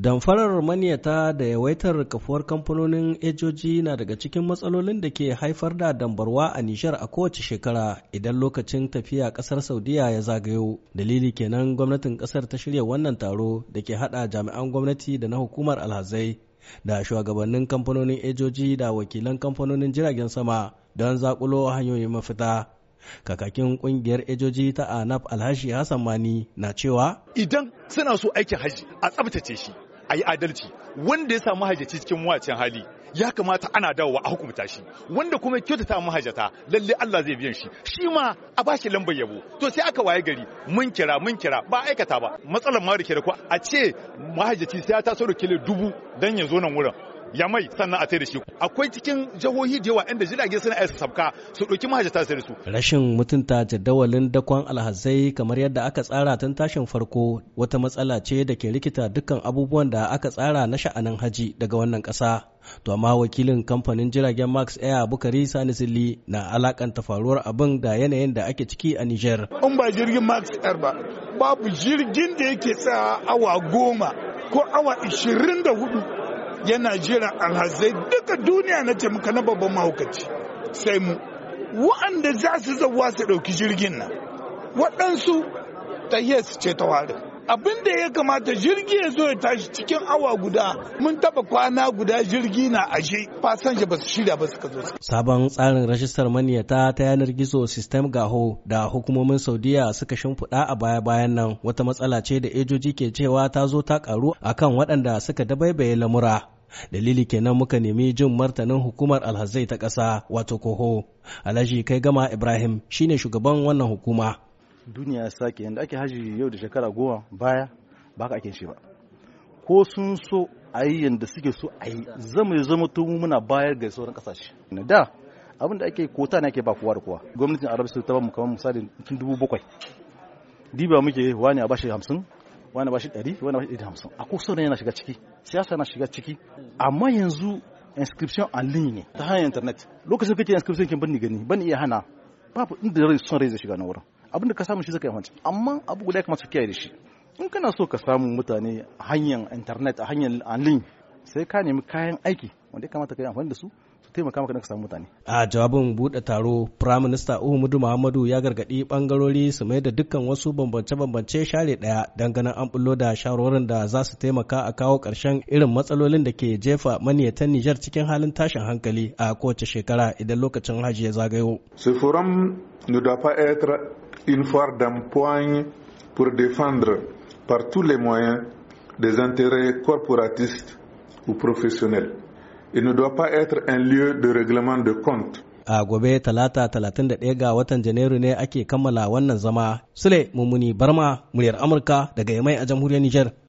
Damfarar maniyata da yawaitar kafuwar kamfanonin ejoji na daga cikin matsalolin da ke haifar da dambarwa a Nishar a kowace shekara idan lokacin tafiya kasar Saudiya ya zagayo. Dalili kenan gwamnatin kasar ta shirya wannan taro da ke hada jami'an gwamnati da na hukumar alhazai da shugabannin kamfanonin ejoji da wakilan kamfanonin jiragen sama don zakulo hanyoyin mafita. kakakin kungiyar ejoji ta anaf alhashi hassan mani na cewa idan suna so aikin haji a tsabtace shi a yi adalci wanda ya samu hajjaci cikin wacin hali ya kamata ana dawowa a hukumta shi wanda kuma ya kyautata mahajata lalle Allah zai biyan shi shi ma a bashi lambar yabo to sai aka waye gari mun kira mun kira ba aikata ba matsalar ma da ko a ce mahajjaci sai ya taso da kilo dubu dan ya zo nan wurin ya mai sannan a sai da shi akwai cikin jihohi da yawa inda jirage suna aisa sabka su ɗauki mahajjata su da su rashin mutunta jadawalin dakon alhazai kamar yadda aka tsara tun tashin farko wata matsala ce da ke rikita dukkan abubuwan da aka tsara na sha'anin haji daga wannan ƙasa to amma wakilin kamfanin jiragen max air bukari sani silli na alakanta faruwar abin da yanayin da ake ciki a niger in ba jirgin max air ba babu jirgin da yake tsaya awa goma ko awa ishirin da hudu yana jiran alhazai duka duniya na taimaka na babban mahaukaci sai mu wa'anda za su zauwa su ɗauki jirgin nan waɗansu ta su ce ta warin abin ya kamata jirgi ya zo ya tashi cikin awa guda mun taba kwana guda jirgi na ashe fasan ba su shirya ba su ka zo sabon tsarin rajistar maniyata ta yanar gizo system gaho da hukumomin saudiya suka shimfiɗa a baya bayan nan wata matsala ce da ejoji ke cewa ta zo ta karu akan waɗanda suka dabaibaye lamura dalili kenan muka nemi jin martanin hukumar alhazai ta ƙasa wato koho alhaji kai gama ibrahim shine shugaban wannan hukuma duniya ya sake yadda ake haji yau da shekara goma baya ba ka ake shi ba ko sun so a yi yadda suke so a yi zama ya zama tumu muna bayar ga sauran kasashe na da abin da ake kota ne ake ba kowa da kowa gwamnatin arab ta ba mu kamar misali dubu bakwai diba muke wani a bashi hamsin wani bashi ɗari wani bashi ɗari hamsin a kusa yana shiga ciki siyasa yana shiga ciki amma yanzu inscription en ligne ne ta hanyar internet lokacin kake inscription kin bani gani bani iya hana babu inda rai son rai zai shiga na wurin abin da ka samu shi zaka yi amma abu guda ya kamata kiyaye da shi in kana so ka samu mutane hanyar internet a hanyar en ligne sai ka nemi kayan aiki wanda ya kamata ka yi amfani da su taimaka maka ka samu mutane. A jawabin bude taro, Prime Minister Uhumudu Muhammadu ya gargadi bangarori su mai da dukkan wasu bambance-bambance share daya don ganin an bullo da shawarorin da za su taimaka a kawo karshen irin matsalolin da ke jefa maniyatan Nijar cikin halin tashin hankali a kowace shekara idan lokacin hajji ya zagayo. Sufuran nudafa ne doit pas être une pour défendre par tous les moyens des intérêts corporatistes ou professionnels. il ne doit pas être un lieu de règlement de compte. A gobe talata talatin 31 ga watan Janairu ne ake kammala wannan zama. Sule Mummuni Barma, muryar Amurka daga Yamai a jamhuriyar Nijar.